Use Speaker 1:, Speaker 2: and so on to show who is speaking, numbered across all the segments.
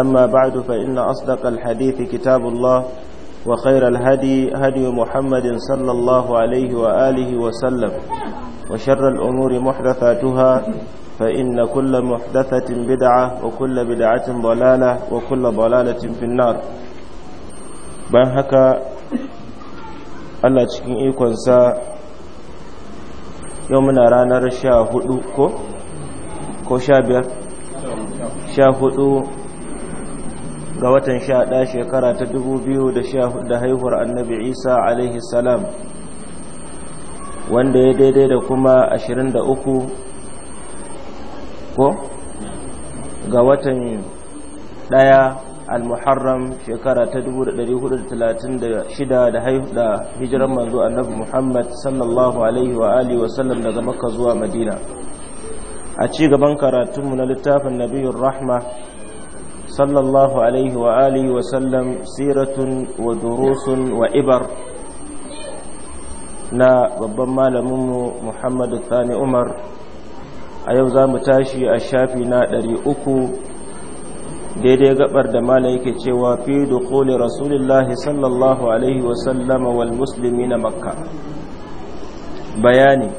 Speaker 1: أما بعد فإن أصدق الحديث كتاب الله وخير الهدي هدي محمد صلى الله عليه وآله وسلم وشر الأمور محدثاتها فإن كل محدثة بدعة وكل بدعة ضلالة وكل ضلالة في النار بانهكا الله تشكين إيكوان سا يومنا رانا رشا هدو كو كو شابير شا هدو ga watan sha ɗaya shekara ta dubu biyu da haihuwar annabi isa alaihi salam wanda ya daidai da kuma ashirin da uku ko ga watan ɗaya al-muharram shekara ta dubu da ɗari hudu da talatin da shida da da hijiran manzo annabi muhammad sallallahu alaihi wa alihi wasallam daga makka zuwa madina a ci gaban karatunmu na littafin nabiyun rahma صلى الله عليه وآله وسلم سيرة ودروس وإبر na babban malaminmu Muhammadu Sani Umar a yau za mu tashi a shafi na ɗari uku daidai gabar da mala yake cewa fi koli rasulullahi sallallahu alaihi wasallama wal musulmi na makka bayani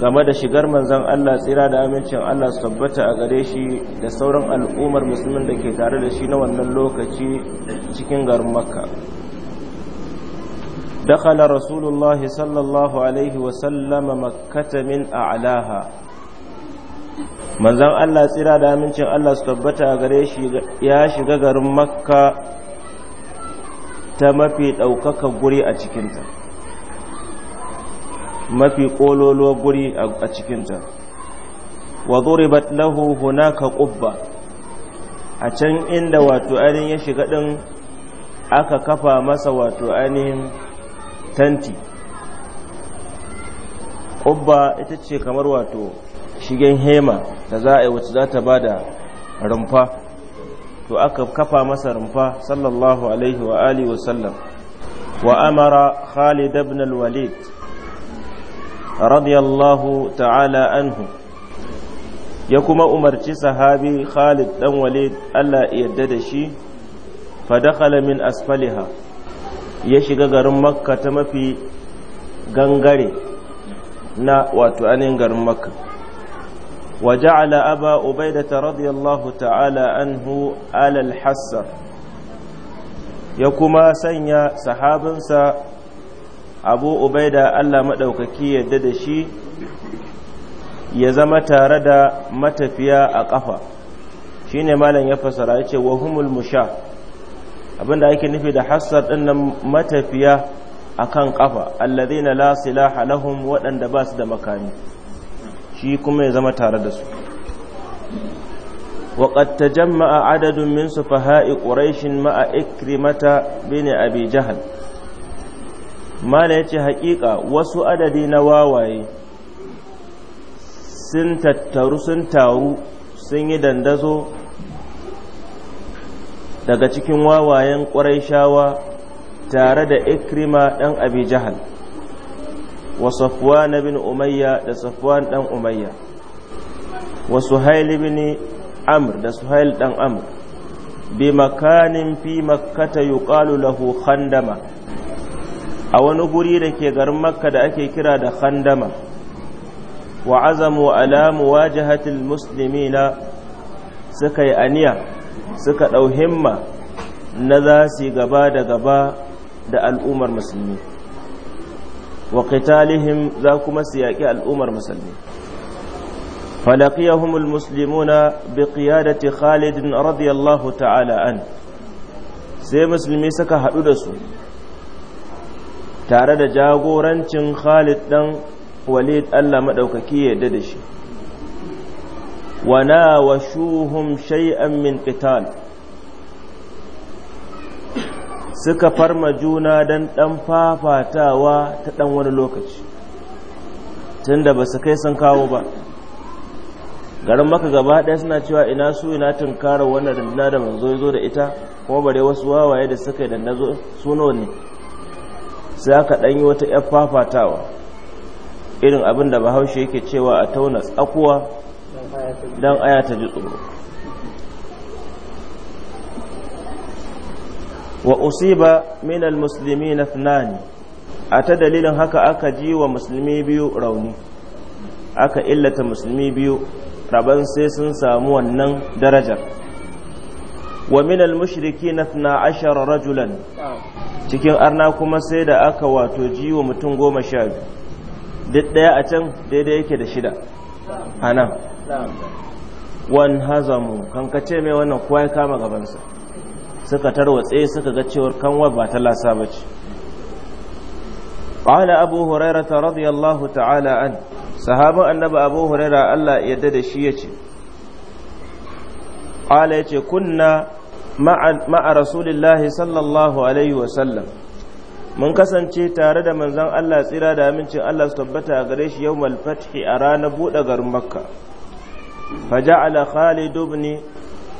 Speaker 1: game da shigar manzan Allah tsira da amincin Allah su tabbata a gare shi da sauran al'ummar musulmin da ke tare da shi na wannan lokaci cikin garin makka دخل rasulullah sallallahu alaihi wa sallama makkata min a'laha manzan manzon Allah tsira da amincin Allah su tabbata a gare shi ya shiga garin makka ta mafi ɗaukaka guri a cikinta mafi kololo guri a cikinta wa duribat lahu hunaka qubba a can inda wato ainihin ya shiga din aka kafa masa wato ainihin tanti ƙubba ita ce kamar wato shigen hema da za a yi wacce za ta ba da rumfa to aka kafa masa rumfa sallallahu alaihi wa alihi wasallam wa amara khalid ibn al-walid radiyallahu ta'ala anhu ya kuma umarci sahabi Khalid dan Walid Allah yadda da shi fa dakhala min asfaliha ya shiga garin Makka ta mafi gangare na wato anin garin Makka wa ja'ala aba ubaida radiyallahu ta'ala anhu alal hassa. ya kuma sanya sahabinsa abu ubaida allah maɗaukaki yadda da shi ya zama tare da matafiya a ƙafa shine malam ya fasara ya ce wahumul musha abinda ake nufi da hassar ɗinnan matafiya a kan ƙafa allazina la silaha lahum waɗanda ba su da makami shi kuma ya zama tare da su وقد تجمع عدد من faha'i ƙuraishin ma'a ikrimata بن abi jihar. mala ya ce haƙiƙa wasu adadi na wawaye sun tattaru sun taru sun yi dandazo daga cikin wawayen ƙwarai shawa tare da ikrima ɗan abi jahal wa na bin umayya da safuwa ɗan umayya wa haili bin amur da su suhail ɗan amur bi makanin fi makkata yuqalu lahu khandama a wani guri da ke garin makka da ake kira da khandama wa azamu ala muwajahatil muslimina suka yi aniya suka ɗau himma na za su gaba da gaba da al'ummar musulmi wa qitalihim za kuma su yaƙi al'ummar musulmi فلقيهم muslimuna bi خالد رضي الله ta'ala an sai musulmi suka haɗu da su tare da jagorancin Khalid dan Walid Allah maɗaukaki ya yarda da shi wana wa shuhum shay'an min qital suka farma juna dan ɗan fafatawa ta dan wani lokaci tunda ba su kai sun kawo ba garin maka gaba ɗaya suna cewa ina su ina tunkarar wannan rundunar da manzo ya zo da ita kuma bare wasu wawaye da suka yi da nazo su ne sai aka ɗanyi wata ‘yar fafatawa irin abin da bahaushe yake cewa a tauna tsakuwa don aya ta ji tsoro wa usiba minal musulmi na tunani a ta dalilin haka aka ji wa musulmi biyu rauni aka illata musulmi biyu rabon sai sun samu wannan darajar Waminal minal na na ashara rajulan cikin arna kuma sai da aka wato jiwa mutum goma sha biyu duk ɗaya a can daidai yake da shida a nan wan hazamu kankace mai wannan kowa ya kama gabansa suka tarwatse suka ga cewar kanwa ba ta lasa ba ce قال أبو هريرة رضي الله تعالى عنه صحابة Allah yadda da shi ya ce. qala yace kunna ma'a rasulillahi sallallahu alaihi wasallam mun kasance tare da manzon Allah tsira da amincin Allah su tabbata a gare shi yawmal fathi a ranar buɗe garin Makka faja'ala Khalid ibn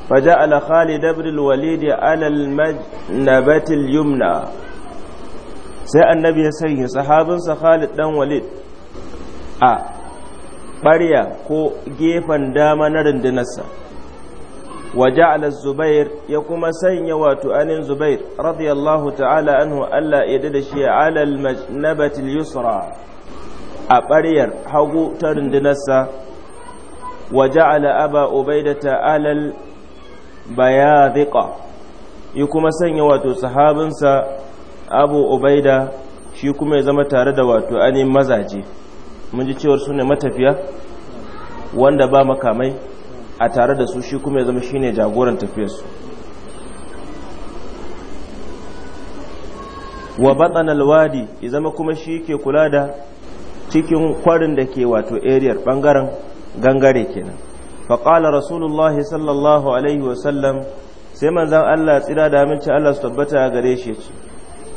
Speaker 1: faja'ala Khalid ibn al-Walid ala al-majnabati al-yumna sai annabi ya sanya sahabinsa Khalid dan Walid a ɓarya ko gefen dama na rundunarsa wa ja'ala zubair ya kuma sanya wato anin zubair radiyallahu ta'ala anhu Allah ya da shi ala al-majnabati al-yusra a ɓaryar hagu ta rundunarsa wa ja'ala aba ubaidata ala al-bayadhiqa ya kuma sanya wato sahabinsa abu ubaida shi kuma ya zama tare da wato anin mazaje mun ji cewar su matafiya wanda ba makamai a tare da su shi kuma ya zama shine jagoran tafiyarsu wa batsan alwadi ya zama kuma shi ke kula da cikin kwarin da ke wato eriyar bangaren gangare kenan faƙala rasulullahi sallallahu alaihi wasallam sai manzan allah tsira da aminci allah su tabbata gare shi ce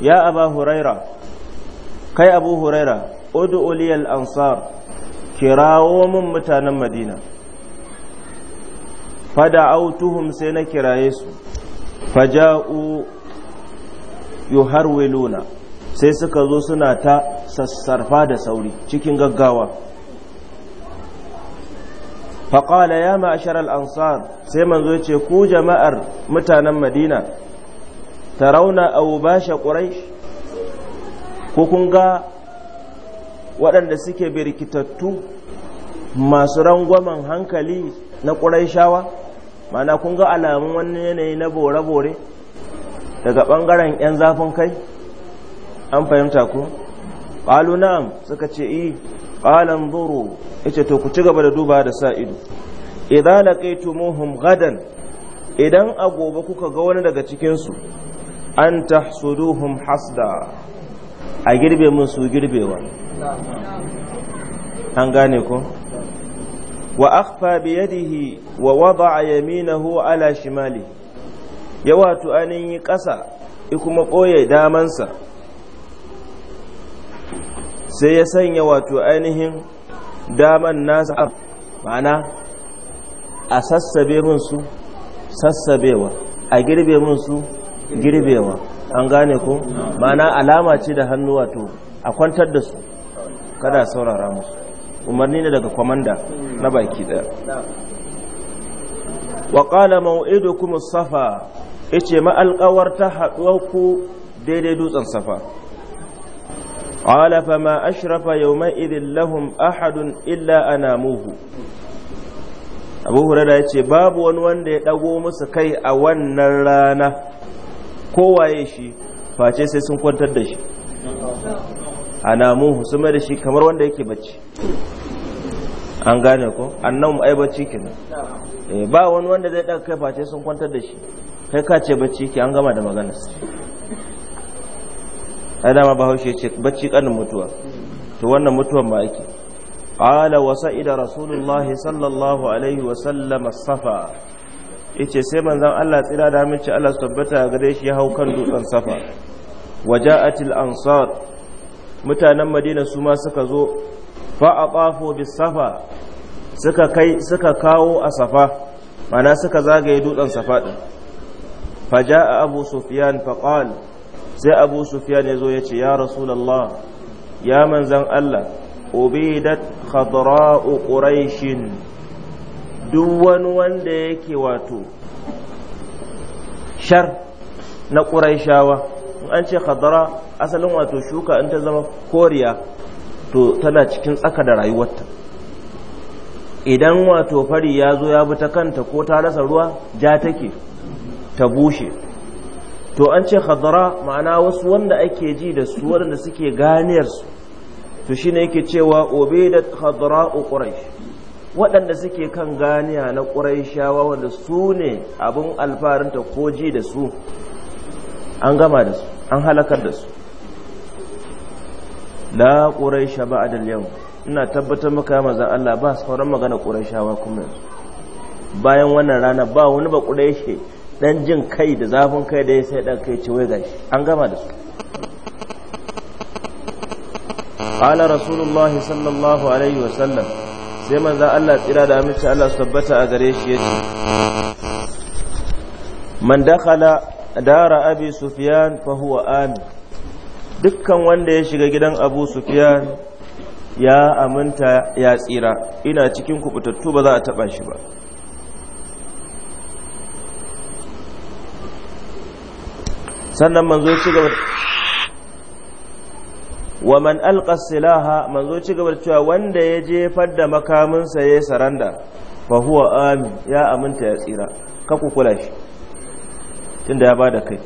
Speaker 1: ya aba huraira kai abu huraira udu uliyal ansar kirawo mun mutanen madina fada'autuhum sai na kiraye su faja'u yuharwiluna sai suka zo suna ta sassarfa da sauri cikin gaggawa faƙala ya ma'ashar al'ansar sai manzo ce ku jama'ar mutanen madina ta rauna Basha ƙurai ko kun ga waɗanda suke birkitattu masu rangwamen hankali na ƙuraishawa mana kun ga alamun wani yanayi na bore-bore daga ɓangaren 'yan zafin kai an fahimta ku ƙalu na'am suka ce yi eh, ƙalan zuru ce to ku ci gaba da duba da sa ido idan laƙaitumuhum gadan idan a gobe kuka ga wani daga cikinsu an tahsuduhum hasda a girbe musu girbewa an gane ku? wa akfa bi yadihi wa wada yaminahu ala shimali ya wato anin yi kasa i kuma koye daman sa sai ya sanya wato anihin daman nasa mana a sassabe mun su sassabewa a girbe mun su girbewa an gane ko mana alama ce da hannu wato a kwantar da su kada saurara musu umarni ne daga kwamanda hmm. na baki daya wa qala maw'idukum as-safa yace ma ta haduwarku daidai dutsen safa qala ma ashrafa yawma idhin lahum ahadun illa anamuhu abu hurara ya ce babu wani wanda ya ɗago musu kai a wannan rana kowaye shi face sai sun kwantar da shi anamu su mai da shi kamar wanda yake bacci an gane ko mu ai bacci kenan eh, ba wani wanda zai daga kai face sun kwantar da shi kai ka ce bacci ke an gama da magana ai dama bahaushe ce bacci kanin mutuwa to wannan mutuwan ba yake qala wa sa'ida rasulullahi sallallahu alaihi wa sallam safa yace sai manzon Allah tsira da mace Allah su tabbata gare shi ya hau kan dutsen safa waja'atil ansar mutanen madina su ma suka zo fa'afafo bisafa suka kai suka kawo a safa mana suka zagaye dutsen safa din a abu sufyan faƙal sai abu sufyan ya zo ya ce, ya ya manzan Allah ubidat khadra'u ƙuraishin duk wani wanda yake wato shar na ƙuraishawa an ce khadara asalin wato shuka in ta zama koriya to tana cikin tsaka da rayuwarta idan wato fari ya zo ya bi ta kanta ko ta rasa ruwa ja take ta bushe to an ce khadara ma'ana wasu wanda ake ji da su wanda suke ganiyarsu to shine yake cewa obedat khadra'u quraish waɗanda suke kan ganiya na shawa wanda su ne abin alfarinta ko ji da su an gama da su an halakar da su la quraisha ba'da al-yawm ina tabbatar maka manzo Allah ba sauran magana quraishawa kuma bayan wannan rana ba wani ba quraishi dan jin kai da zafin kai da ya sai dan kai ce wai gashi an gama da su qala rasulullahi sallallahu alaihi wa sai manzo Allah tsira da aminci Allah su tabbata a gare shi yace man dakhala dara abi sufyan fa huwa amin dukkan wanda ya shiga gidan abu sufyan ya aminta ya tsira ina cikin kubutattu ba za a taba shi ba sannan manzo ci gaba wa man alqa silaha manzo ci gaba cewa wanda ya jefar da makaminsa ya saranda fa huwa amin ya aminta ya tsira ka kukula shi tunda ya bada kai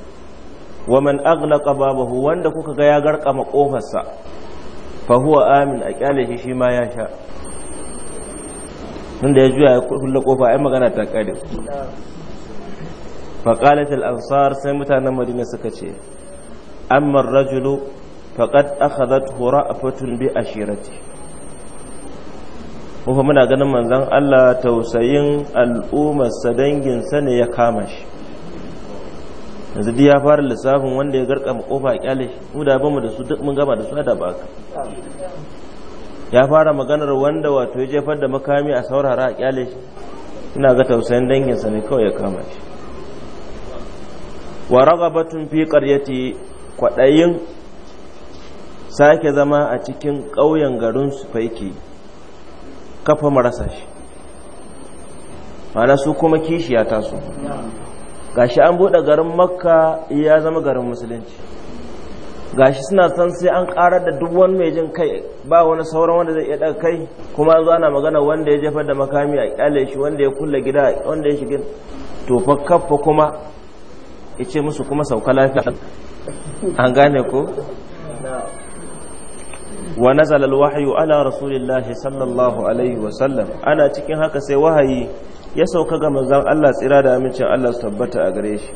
Speaker 1: wa man aghlaqa babahu wanda kuka ga ya garkama kofarsa fa huwa amin a kyale shi shi ma ya sha tunda ya juya ya kulle kofa ai magana ta kare fa qalat al ansar sai mutanen madina suka ce amma ar-rajulu faqad akhadathu ra'fatun bi ashirati kuma muna ganin manzon Allah tausayin al'ummarsa sa ne ya kama shi yanzu duk ya fara lissafin wanda ya garka kofa a kyale shi mu da bamu da su duk mun gama da su da ba ya fara maganar wanda wato ya jefar da makami a saurara a kyale shi ina ga tausayin danginsa ne kawai ya kama shi wa ragabatun fi qaryati kwadayin sake zama a cikin ƙauyen garin su faiki kafa marasa shi mana su kuma kishiya taso gashi an buɗe garin makka ya zama garin musulunci gashi suna san sai an karar da duk wani mai jin kai ba wani sauran wanda zai iya daga kai kuma an zo ana magana wanda ya jefar da makami a kyale shi wanda ya kulle gida wanda ya shiga tofa kafa kuma ya ce musu kuma sauka lafiya an gane ko wa nazala alwahyu ala rasulillahi sallallahu alaihi wa sallam ana cikin haka sai wahayi ya sauka ga manzan Allah tsira da amincin Allah su tabbata a gare shi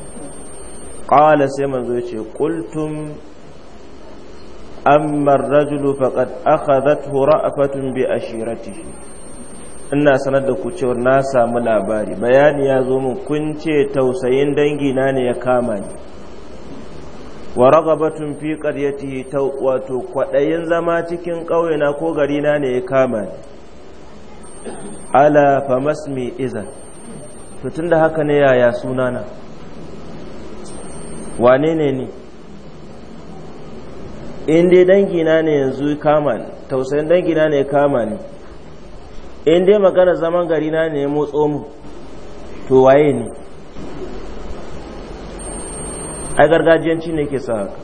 Speaker 1: ƙala sai manzo ya ce ƙultum ammar rajulu faƙad aka zato ra'afatun bi ashirati ina sanar da ku cewar na samu labari bayani ya zo min kun ce tausayin dangina ne ya kama ni wa ragabatun fi qaryatihi wato kwaɗayin zama cikin ƙauyena ko garina ne ya kama ni ala famasmi izan to tunda haka ne yaya sunana wane ne ni in dai dangina ne yanzu kama ni tausayin dangina ne kama ni in dai magana zaman gari na ne motso mu to waye ni ai gargajiyanci ne ke sa haka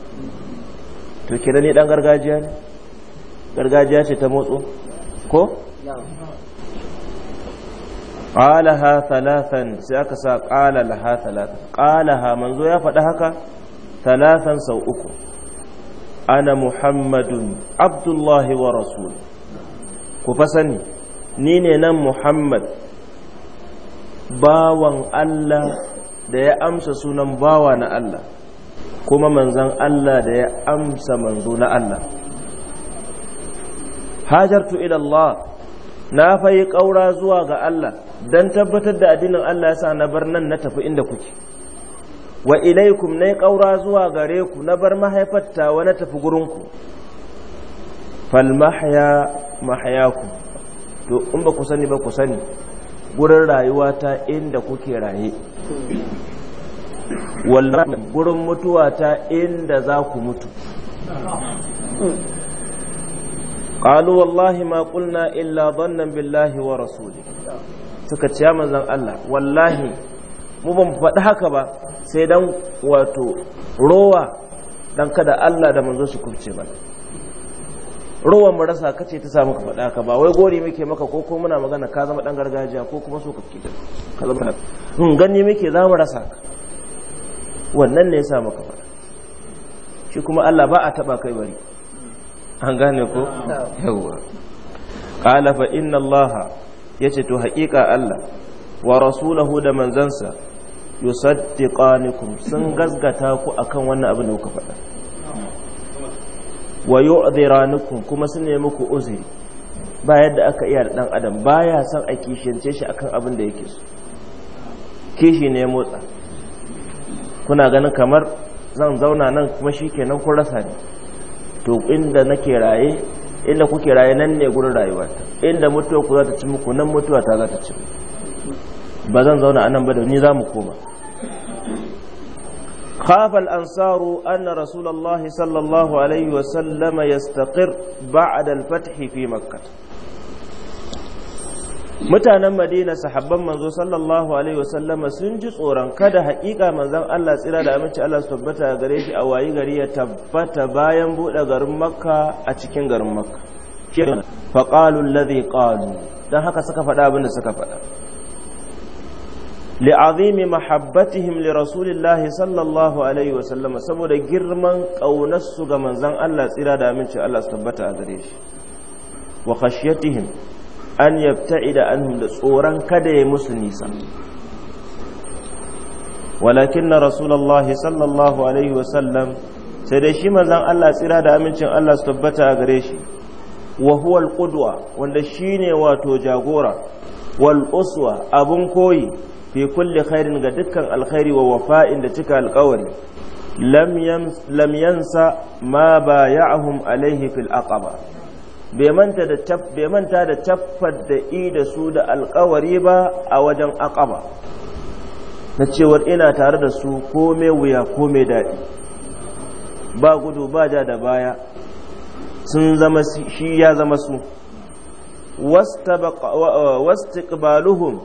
Speaker 1: to kira ne dan gargajiya ne gargajiya ce ta motso ko qalaha thalathan sai aka sa qala laha thalathan qalaha manzo ya faɗi haka thalathan sau uku ana muhammadun abdullahi wa rasul ku fa sani ni ne nan muhammad bawan Allah da ya amsa sunan bawa na Allah kuma manzan Allah da ya amsa manzo na Allah hajartu ila Allah na fayi ƙaura zuwa ga Allah Don tabbatar da addinin Allah ya sa na bar nan na tafi inda kuke wa ilaikum na ƙaura zuwa gare ku na bar mahaifatta wa na tafi gurinku falmahaya ku. to in ba ku sani ba ku sani gurin rayuwa ta inda kuke raye wallan gurin mutuwa ta inda za ku mutu قالوا والله ما قلنا إلا ظنا بالله ورسوله suka ciya manzan Allah wallahi mu ban faɗi haka ba sai dan wato rowa dan kada Allah da manzo su kubce ba rowa mu rasa kace ta samu ka faɗa haka ba wai gori muke maka ko ko muna magana ka zama dan gargajiya ko kuma so ka fike ka zama mun hmm, gani muke za mu rasa ka wannan ne ya sa maka faɗa shi kuma Allah ba a taba kai bari an gane ko yawa qala fa inna allaha ya ce to haƙiƙa Allah wa rasulahu da manzansa yusaddiqanikum sun gasgata ku akan wannan abin da kuka faɗa wa yu'dhiranukum kuma sun nemi ku uzuri ba yadda aka iya da dan adam baya son a kishince shi akan abin da yake so kishi ne motsa kuna ganin kamar zan zauna nan kuma shikenan ku rasa ni to inda nake raye inda kuke raye nan ne gurin rayuwar ta inda mutuwa ku za ta ci muku nan mutuwa ta za ta ci ba zan zauna a nan ba da ni za mu koma khafal ansaru anna rasulallah sallallahu alaihi wasallama yastaqir ba'da alfathi fi makkah mutanen madina sahabban manzo sallallahu alaihi wasallama sun ji tsoron kada haƙiƙa manzon Allah tsira da aminci Allah su tabbata gare shi a wayi gari ya tabbata bayan buɗe garin makka a cikin garin makka faƙalu alladhi qalu dan haka suka faɗa abin da suka faɗa li'azimi mahabbatihim li rasulillahi sallallahu alaihi wasallama saboda girman kaunar su ga manzon Allah tsira da aminci Allah su tabbata a gare shi wa khashyatihim an yabta'ida anhum da tsoron kada ya musu nisa walakin na rasulullahi sallallahu alaihi wasallam sai dai shi manzan Allah tsira da amincin Allah su tabbata a gare shi wahuwal huwal wanda wanda shine wato jagora wal uswa abun koyi fi kulli khairin ga dukkan alkhairi wa wafa'in da cika alkawari lam yansa ma baya'ahum alaihi fil aqaba bai manta da tabbat da i da su da alkawari ba a wajen akaba na cewar ina tare da su kome wuya kome daɗi ba gudu ba ja da baya sun zama shi ya zama su wastiqbaluhum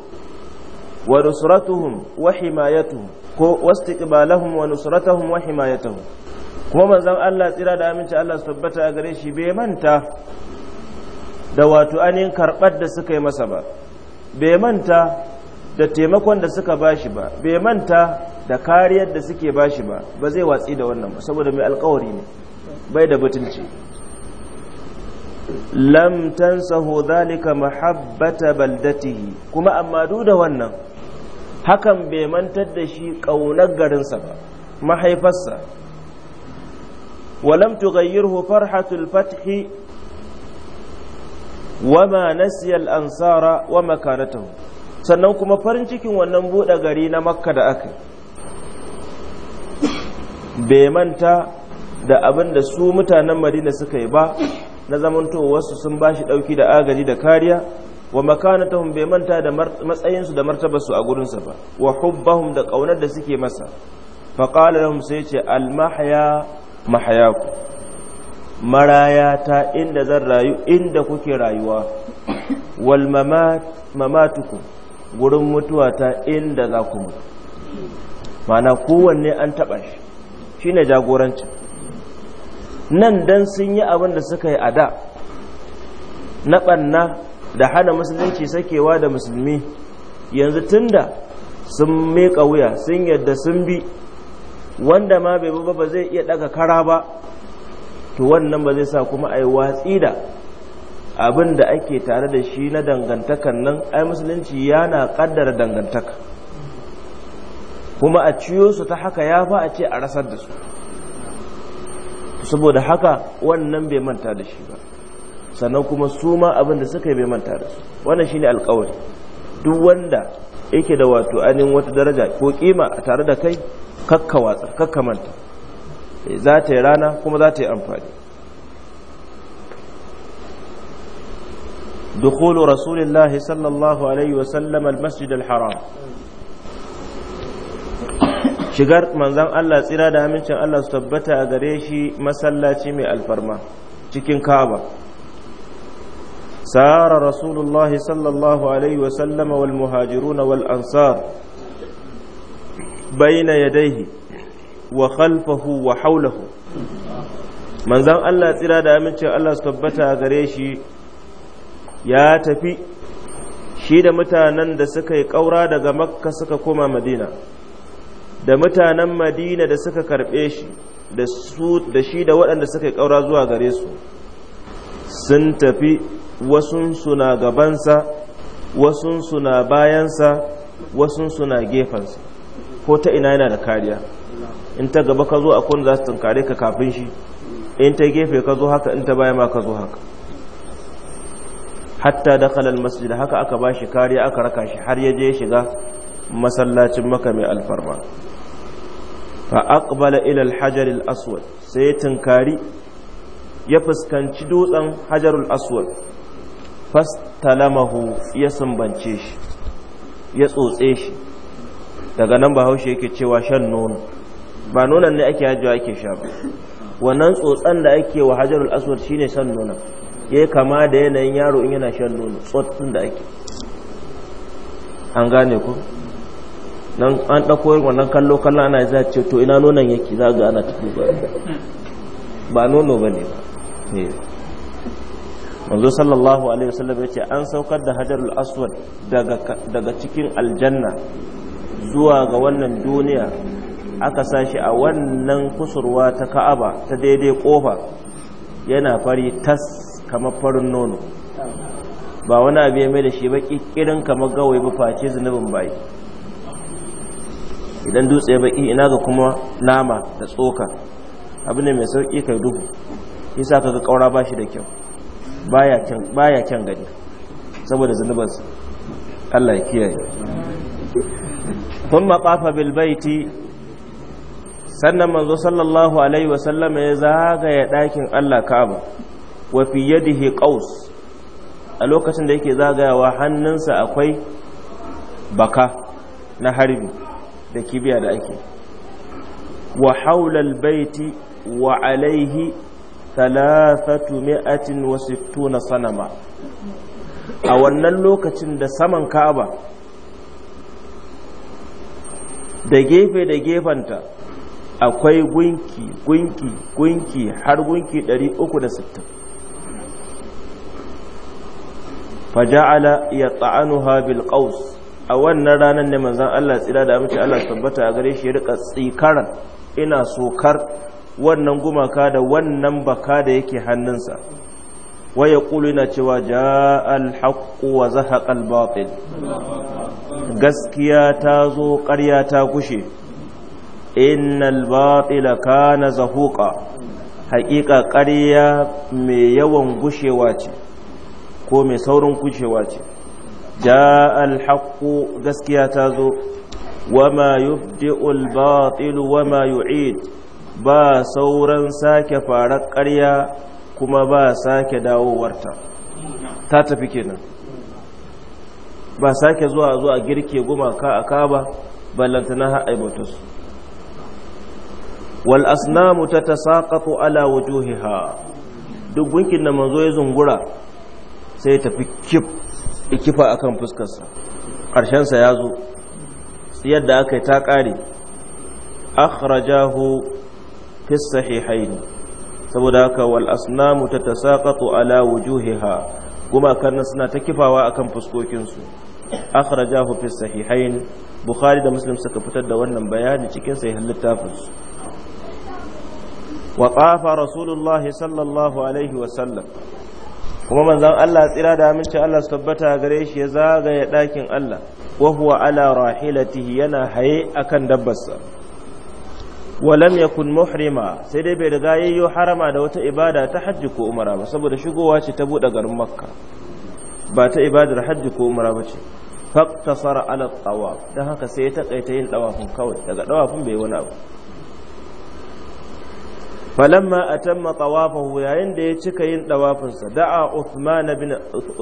Speaker 1: wa nusratuhum wa himayatuhum ko wastiqbalahum wa nusratuhum wa himayatuhum kuma manzon Allah tsira da aminci Allah su tabbata a gare shi bai manta da wato ainihin karɓar da suka yi masa ba bai manta da taimakon da suka bashi ba bai manta da kariyar da suke bashi ba ba zai watsi da wannan ba saboda mai alkawari ne bai da butunci lam tansahu mahabbata baldatihi kuma amma duk da wannan hakan bai mantar da shi ƙaunar garinsa ba mahaifarsa walam tughayyirhu farhatul fathi wama nasiyal ansara wa makanatahu sannan kuma farin cikin wannan buɗe gari na makka da aka bai manta da abinda su mutanen madina suka yi ba na zamantowarsu sun ba shi ɗauki da agaji da kariya wa makanatuhum bai manta da matsayinsu da martabarsu a gurin gurinsa ba wa hubbahum da ƙaunar da suke masa faƙalar sai ce almahaya mahayaku marayata inda zan rayu inda kuke rayuwa wal mamatuku gurin ta inda za ku mutu mana kowanne an taɓa shi shi ne jagoranci nan don sun yi abin da suka yi a da na ɓanna da hana musulunci sakewa da musulmi yanzu tunda sun miƙa wuya sun yadda sun bi wanda ma bai ba zai iya ɗaga kara ba to wannan ba zai sa kuma a yi watsi da abin da ake tare da shi na dangantakan nan ai musulunci yana kaddara dangantaka kuma a ciyo su ta haka ya fa a ce a rasar da su saboda haka wannan bai manta da shi ba sannan kuma su ma abin da suka yi bai manta da su wannan shine alkawari duk wanda yake da wato ainihin wata daraja ko kima a tare da kai kakka watsar kakka manta za ta yi rana kuma za ta yi amfani دخول رسول الله صلى الله عليه وسلم المسجد الحرام shigar manzan Allah tsira da amincin Allah su tabbata a gare shi masallaci mai alfarma cikin Ka'aba sara rasulullahi sallallahu alaihi wa sallama wal na wal ansar baina yadayhi wa khalfahu wa haulahu manzan Allah tsira da amincin Allah su tabbata gare shi ya tafi shi da mutanen da suka yi ƙaura daga makka suka koma madina da mutanen madina da suka karɓe shi da su da shi da waɗanda suka yi ƙaura zuwa gare su sun tafi wasunsu na gabansa wasunsu na bayansa wasunsu na gefansa ko ta ina yana da kariya in ta gaba ka zo a kun za su tunkare ka kafin shi in ta gefe ka zo haka in ta baya ma ka zo haka hatta da kalan masjid haka aka ba shi kariya aka raka shi har ya je shiga masallacin maka mai alfarma fa aqbala ila al-hajar aswad sai ya tunkari ya fuskanci dutsen hajarul aswad fastalamahu ya sumbance shi ya tsotse shi daga nan ba bahaushe yake cewa shan nono ba nonon ne ake hajjawa ake sha ba wannan tsotsan da ake wa hajjarul aswad shine san nonon ya kama da yanayin yaro in yana shan nono tsotsin da ake an gane ku nan an ɗauko yin wannan kallo kallon ana za ce to ina nonon yake za ga ana tafi ba ba nono ba ne ba eh. manzo sallallahu alaihi wasallam ce an saukar da Hajar aswad daga cikin aljanna zuwa ga wannan duniya aka sashi a wannan kusurwa ta ka'aba ta daidai kofa yana fari tas kamar farin nono ba wani abu ya mai da shi ba kirkirin kamar gawai ba face zunubin bayi idan dutse baki ina ga kuma nama da tsoka abu ne mai sauki kai duhu ka ga kaura ba shi da kyau ba ya kyan gani saboda zunubansa Allah ya kiyaye kuma qafa bilbaiti. sannan manzo sallallahu alaihi wasallam ya zagaya ɗakin Allah Ka'aba wa fi yadihi qaus a lokacin da yake zagayawa hannunsa akwai baka na harbi da kibiya da ake wa haula albayti wa alaihi thalathatu mi'atin wa sittuna sanama a wannan lokacin da saman Ka'aba da gefe da gefenta akwai gunki gunki gunki har gunki 360 faja'ala ya ta'anuha bil qaus a wannan ranar ne manzon Allah tsira da amince Allah tabbata a gare shi ya rika tsikaran ina sokar wannan gumaka da wannan baka da yake hannunsa wa ya kulu yana cewa ja'al haƙƙu wa zahaqal batil gaskiya ta zo ƙarya ta gushe. innal batila kana zahuqa haƙiƙa ƙarya mai yawan gushewa ce ko mai saurin gushewa ce ja alhaqqu gaskiya ta zo wama yubdi'ul batilu wama yu'id ba sauran sake farar ƙarya kuma ba sake dawowarta ta tafi kenan ba sake zuwa zuwa girke gumaka a kaba ballantana ha'aibatarsu wal asnamu tatasaqatu ala wujuhiha duk gunkin da manzo ya zungura sai ya tafi kif ikifa akan fuskarsa ƙarshen sa yazo yadda aka yi ta ƙare akhrajahu fi sahihaini saboda haka wal asnamu tatasaqatu ala wujuhiha kuma kan suna ta kifawa akan fuskokin su akhrajahu fi sahihain bukhari da muslim suka fitar da wannan bayani cikin sahihan littafinsu وطاف رسول الله صلى الله عليه وسلم kuma manzon Allah tsira da aminci Allah su tabbata gare shi ya zagaya ɗakin Allah wa huwa ala rahilatihi yana haye akan dabbarsa walam yakun muhrima sai dai bai riga yayyo harama da wata ibada ta hajji ko umara ba saboda shigowa ce ta buɗe garin makka ba ta ibadar hajji ko umara ba ce faqtasara ala tawaf dan haka sai ya taƙaita yin dawafin kawai daga dawafin bai wani abu falamma atamma tawafahu yayin da ya cika yin dawafinsa da'a Uthman bin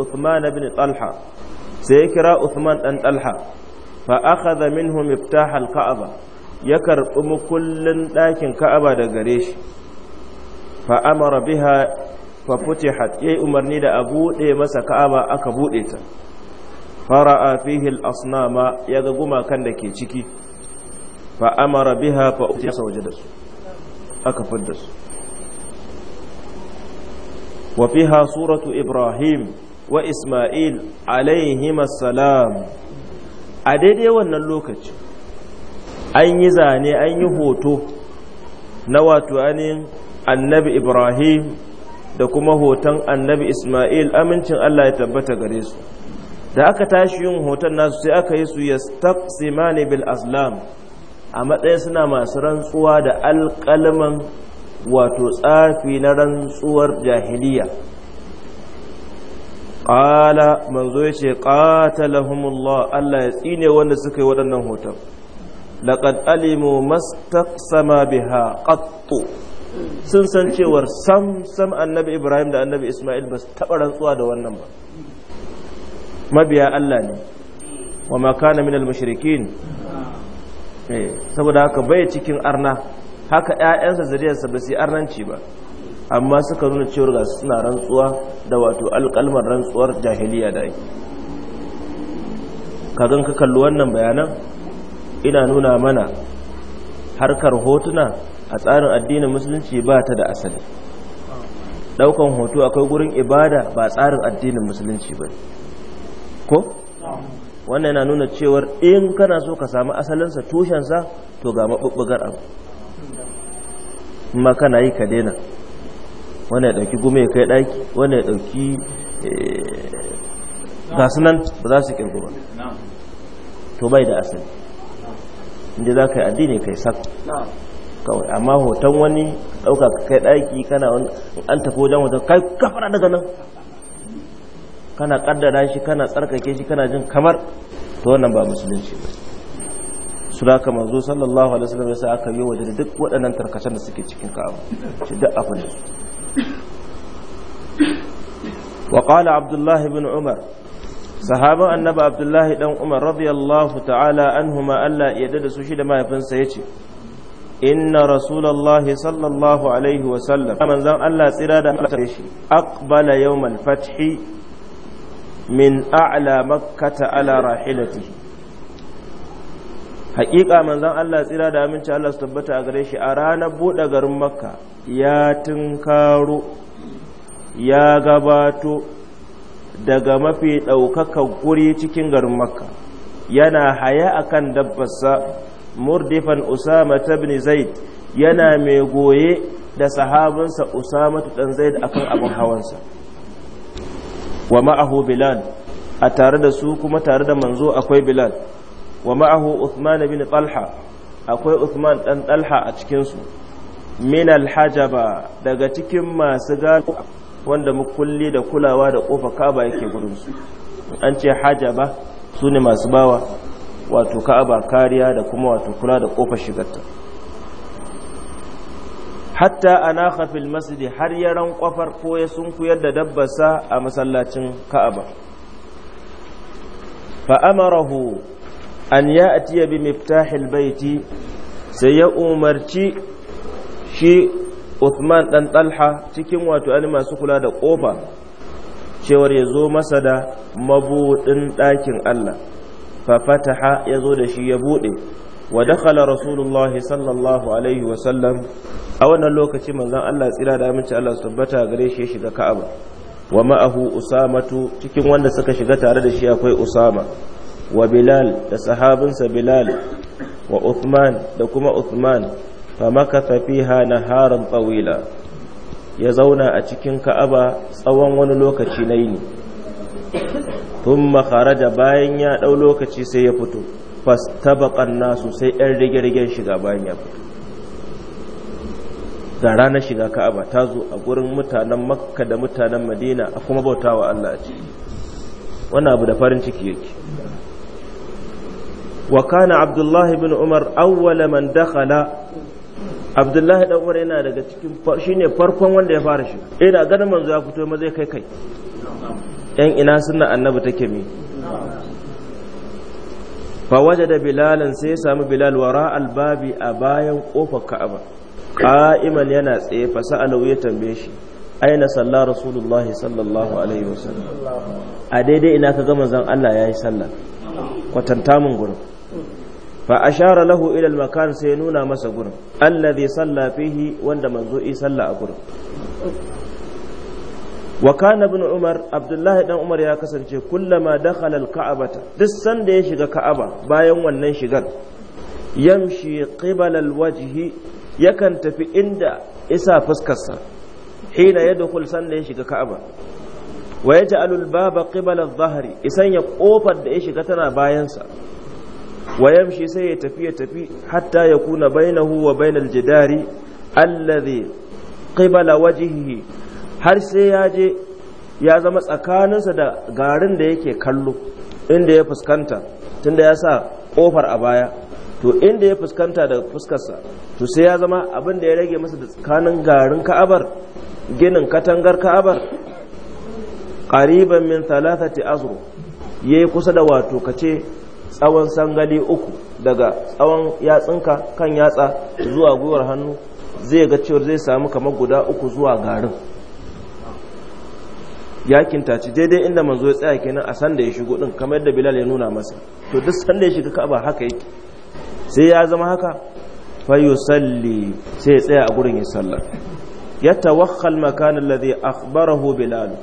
Speaker 1: Uthman bin Talha sai ya kira Uthman dan Talha fa akhadha minhu miftah al-Ka'aba ya karbi makullin dakin Ka'aba da gare shi fa amara biha fa futihat yayi umarni da a buɗe masa Ka'aba aka bude ta fara'a fihi al-asnama ya ga gumakan da ke ciki fa amara biha fa utiya sawjadasu aka fadda su wa ha suratu ibrahim wa isma'il alaihim salam. a daidai wannan lokaci an yi zane an yi hoto na wato anin annabi ibrahim da kuma hoton annabi isma'il amincin allah ya tabbata gare su da aka tashi yin hoton nasu sai aka yi su ya bil aslam a matsayin suna masu rantsuwa da alƙalman wato tsafi na rantsuwar jahiliya ƙala manzo ya ce lahumullah Allah ya tsine wanda suka yi waɗannan hoton laƙad alimu mastaqsama biha qattu sun san cewar sam sam annabi ibrahim da annabi isma'il ba su taɓa rantsuwa da wannan ba mabiya Allah ne wa makana minal mushrikin Eh, saboda haka bai cikin arna haka ya'yansa zuriyarsa ba su arnanci ba amma suka nuna cewar ga suna rantsuwa da wato alƙalmar rantsuwar jahiliya da ake kagan ka kalli wannan bayanan ina nuna mana harkar hotuna a tsarin addinin musulunci ba ta da asali ɗaukan hoto akwai gurin ibada ba tsarin addinin musulunci ba ko wannan yana nuna cewar in kana so ka samu asalinsa tushensa to ga maɓuɓɓugar abu ma kana yi ka daina wannan ya ɗauki gume kai ɗaki wannan ya ɗauki eh, gasu nan ba za su ƙirgu ba to bai da asali inda za ka yi addini kai sak kawai amma hoton wani ɗauka kai ɗaki kana an tafi wajen wajen kai kafara daga nan kana kaddara shi kana tsarkake shi kana jin kamar to wannan ba musulunci ba su da haka manzo sallallahu alaihi wasallam yasa aka yi wajen duk waɗannan tarkacen da suke cikin ka'aba shi duk abu ne wa qala abdullah ibn umar sahaban annabi abdullahi dan umar radiyallahu ta'ala anhuma Allah ya dada su shi da mahaifinsa yace inna rasulallahi sallallahu alaihi wasallam manzon Allah tsira da Allah shi aqbala yawmal fathi min a'la makkata ala rahilati haƙiƙa manzon Allah tsira da aminci Allah su tabbata a gare shi a ranar buɗe garin makka ya tunkaro ya gabato daga mafi ɗaukakar guri cikin garin makka yana haya akan dabbarsa murdifan usama tabni zaid yana mai goye da sahabinsa usama dan zaid akan abin hawansa wa ma'ahu bilal a tare da su kuma tare da manzo akwai bilal wa ma'ahu uthman bin talha akwai uthman dan talha a cikin su min alhajaba daga cikin masu gano wanda mukulli da kulawa da kofa kaba yake gurin su an ce hajaba su ne masu bawa wato ka'aba kariya da kuma wato kula da kofar shigarta hatta ana khafil masjidi har ya rankwafar ko ya sunkuyar da dabbarsa a masallacin ka'aba fa'amarahu an ya atiya bi miftahil baiti sai ya umarci shi Uthman dan Talha cikin wato an masu kula da kofa cewar ya zo masa da mabudin ɗakin Allah fa fataha ya zo da shi ya buɗe wa dakhala rasulullah sallallahu alaihi wa sallam a wannan lokaci manzon Allah tsira da aminci Allah su tabbata gare shi ya shiga Ka'aba wa ma'ahu usamatu cikin wanda suka shiga tare da shi akwai usama wa bilal da sahabinsa bilal wa uthman da kuma uthman fa makatha fiha naharan tawila ya zauna a cikin Ka'aba tsawon wani lokaci na yini thumma kharaja bayan ya dau lokaci sai ya fito fastabaqan nasu sai ɗan rige shiga bayan ya fito da ranar shiga ka'aba ta zo a gurin mutanen makka da mutanen madina a kuma bautawa Allah a ciki wannan abu da farin ciki yake wa kana abdullahi bin umar awwala man dakhala abdullahi dan umar yana daga cikin shine farkon wanda ya fara shiga ina eh, ganin manzo ya fito maza zai kai kai yan ina sunna annabi take mi da bilalin sai ya samu bilal wara albabi a bayan kofar ka'aba qa'iman yana tsaye fa sa'alahu ya tambaye shi aina salla rasulullahi sallallahu alaihi wasallam a daidai ina ka ga manzon Allah yayi sallah kwatanta mun gurin a share lahu ila al-makan sai nuna masa gurin Allah alladhi salla fihi wanda manzo yi sallah a gurin wa kana umar abdullahi Ɗan umar ya kasance kullama dakhala al Ka'abata, duk sanda ya shiga ka'aba bayan wannan shigar yamshi qibala wajihi yakan tafi inda isa fuskarsa hina yadkhul sanda ya shiga ka'aba wa yaj'alu al-baba qibala isan ya kofar da ya shiga tana bayansa Wayamshi sai ya tafi ya tafi hatta ya yakuna bainahu wa bainal jidari alladhi qibala wajhihi har sai ya je ya zama tsakaninsa da garin da yake kallo inda ya fuskanta tunda ya sa kofar a baya to inda ya fuskanta da fuskarsa to sai ya zama abin da ya rage masa da tsakanin garin ka'abar ginin katangar ka'abar ƙariban min thalathati azru yi kusa da wato kace tsawon sangali uku daga tsawon yatsunka kan yatsa zuwa gwiwar hannu zai ga cewar zai samu kamar guda uku zuwa garin yakin kintaci daidai inda manzo ya tsaya kenan a sanda ya shigo din kamar yadda Bilal ya nuna masa to duk sanda ya shiga Ka'aba haka yake sai ya zama haka fa yusalli sai ya tsaya a gurin ya sallar yatawakhal makan alladhi akhbarahu Bilal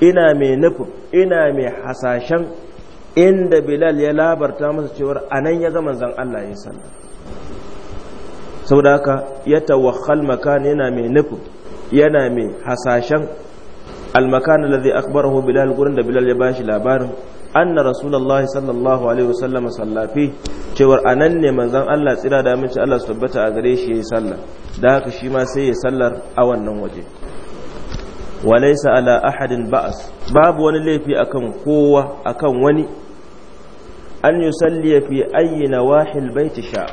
Speaker 1: ina mai nufin ina mai hasashen inda Bilal ya labarta masa cewa anan ya ga manzon Allah ya sallar saboda haka yatawakhal makan yana mai nufin yana mai hasashen المكان الذي أخبره بلال قرن da Bilal ya bashi labarin anna rasulullahi sallallahu alaihi wasallam salla fi cewar anan ne manzon Allah tsira da aminci Allah su tabbata a gare shi yayi salla da haka shi ma sai ya sallar a wannan waje walaysa ala ahadin ba'as babu wani laifi akan kowa akan wani an yusalli fi ayyi nawahil baiti sha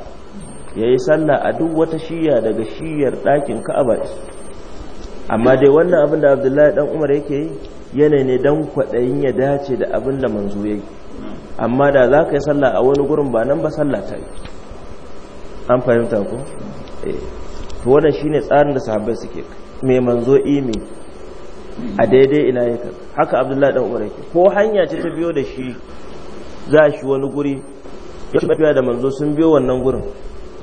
Speaker 1: yayi sallah a duk wata shiya daga shiyar ɗakin Ka'aba amma dai wannan abin da abdullahi dan umar yake yi ne don kwaɗayin ya dace da abin da manzo ya yi amma da za ka yi sallah a wani gurin ba nan ba sallah ta yi an fahimta ko eh. to wannan shine tsarin da sahabbai suke mai manzo imi a daidai ina yake haka abdullahi dan umar yake ko hanya ce ta biyo da shi za shi wani guri ya shi da manzo sun biyo wannan gurin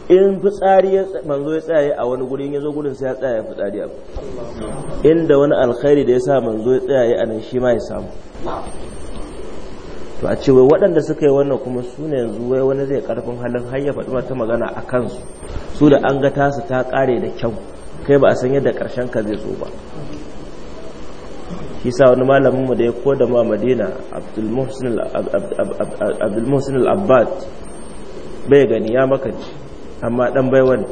Speaker 1: in fitsari ya manzo ya tsaye a wani gurin ya zo gurin sai ya tsaye ya fitsari inda wani alkhairi da ya sa manzo ya tsaye a nan shi ma ya samu to a cewa waɗanda suka yi wannan kuma su ne yanzu wai wani zai karfin halin har ya faɗi mata magana a kansu su da an ga tasu ta kare da kyau kai ba a san yadda karshen ka zai zo ba shi sa wani malamin mu da ya koda ma madina abdul muhsin al-abbad bai gani ya makanci amma dan baiwa ne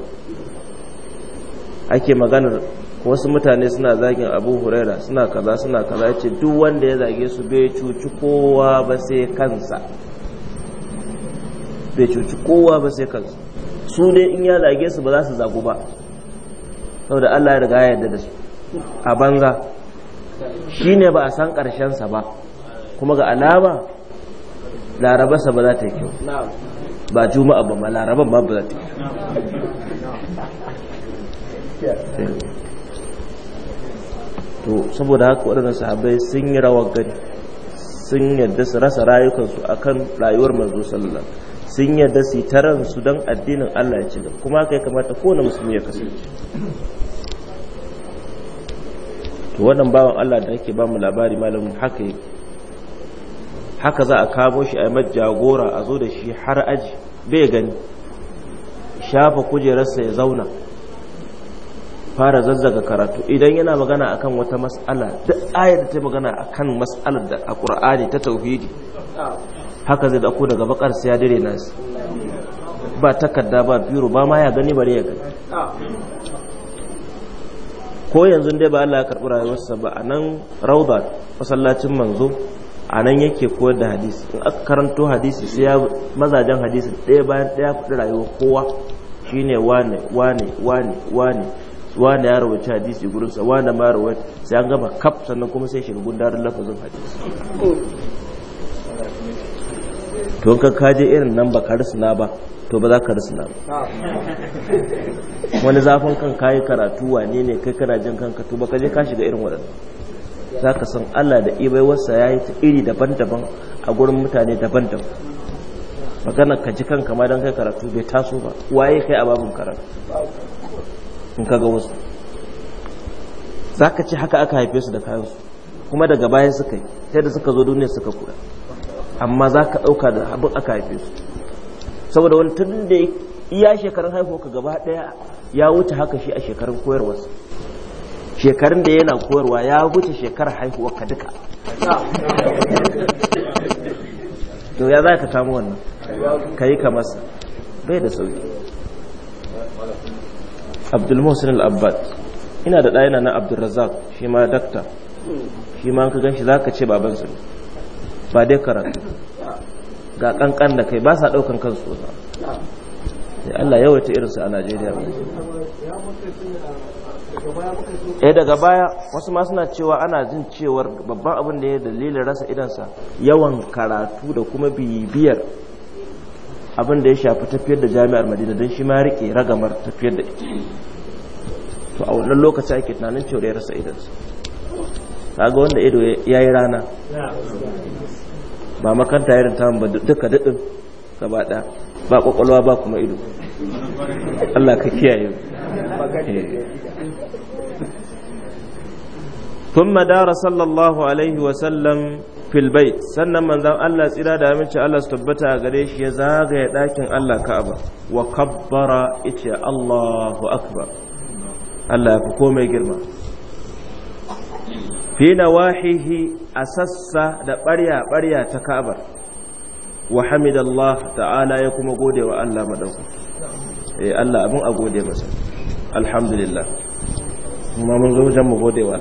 Speaker 1: ake maganar wasu mutane suna zagin abu huraira suna kaza suna kaza ce duk wanda ya zage su bai cuci kowa ba sai kansa bai cuci kowa ba sai kansa su ne in ya zage su ba za su zagu ba saboda allah ya riga ya yarda da su a banza shine ba a san sa ba kuma ga alama larabarsa ba za ta yi kyau ba juma'a ba ma laraban ba ba za ta yi to saboda haka waɗannan sahabbai sun yi rawar gani sun yadda su rasa rayukansu akan rayuwar manzo sallallahu sun yadda su yi su don addinin Allah ya ci gaba kuma haka ya kamata kowane musulmi ya kasance to wannan bawan Allah da ake ba mu labari malamin haka yake haka za a kamo shi a yi jagora a zo da shi har aji bai gani shafa kujerarsa ya zauna fara zazzaga karatu idan yana magana a kan wata mas'ala duk ayar da ta magana akan mas'alar da a ƙur'ani ta tauhidi haka zai dako daga bakar siya dire nasi ba takarda ba biro ba ma ya gani bari ya gani ko yanzu dai ba Allah ya karɓi rayuwarsa ba a nan rauda masallacin manzo a nan yake koyar da hadisi in aka karanto hadisi sai ya mazajen hadisi ɗaya bayan ɗaya faɗi rayuwar kowa shine wane wane wane wane wane ya rawaci hadisi gurinsa wane ma rawaci sai an gaba kaf sannan kuma sai shirgun darin lafazin hadisi
Speaker 2: to ka kaje
Speaker 1: irin nan ba ka na ba to ba za ka na ba wani zafin kan kayi karatu wane ne kai kana jin kanka to ba ka je ka shiga irin waɗannan za ka san Allah da ibaiwarsa ya yi ta iri daban-daban a gurin mutane daban-daban magana ka ji kanka ma don kai karatu bai taso ba waye kai a babin karatu in ka ga wasu za ka ci haka aka haife su da kayansu kuma daga bayan suka yi sai da suka zo duniya suka kura amma za ka ɗauka da abin aka haife su saboda wani tun da iya shekarun haihuwa ka gaba ɗaya ya wuce haka shi a shekarun koyarwarsa shekarun da yana koyarwa ya wuce shekarar haihuwar ka duka to ya za ka tamu wannan ka yi ka bai da sauki abdulmusin al'abbat ina da ɗaya na abdulrazak shi ma dakta shi ma ka gan shi za ka ce baban ne ba dai karatu ga ƙanƙan da kai ba sa ɗaukan kansu suna sai allah yawaita irinsu a najeriya ba eh daga baya wasu ma suna cewa ana jin cewar babban abin da ya dalilin rasa idansa yawan karatu da kuma bibiyar abin da ya shafi tafiyar da jami'ar madina don shi ma rike ragamar tafiyar da ita to a wannan lokaci ake tunanin cewar ya rasa idansa kaga wanda ido ya yi rana ba makanta irin tamu ba duka daɗin gaba ɗaya ba kwakwalwa ba kuma ido Allah ka kiyaye ثم دار صلى الله عليه وسلم في البيت sannan manzon Allah tsira da aminci Allah tabbata a gare shi ya zagaya dakin Allah Ka'aba wa ita Allahu akbar Allah ya komai girma Fina nawahihi a sassa da ɓarya ɓarya ta Ka'aba wa hamidallah ta'ala ya kuma gode Allah eh Allah abin a alhamdulillah kuma mun zo wajen mu gode wa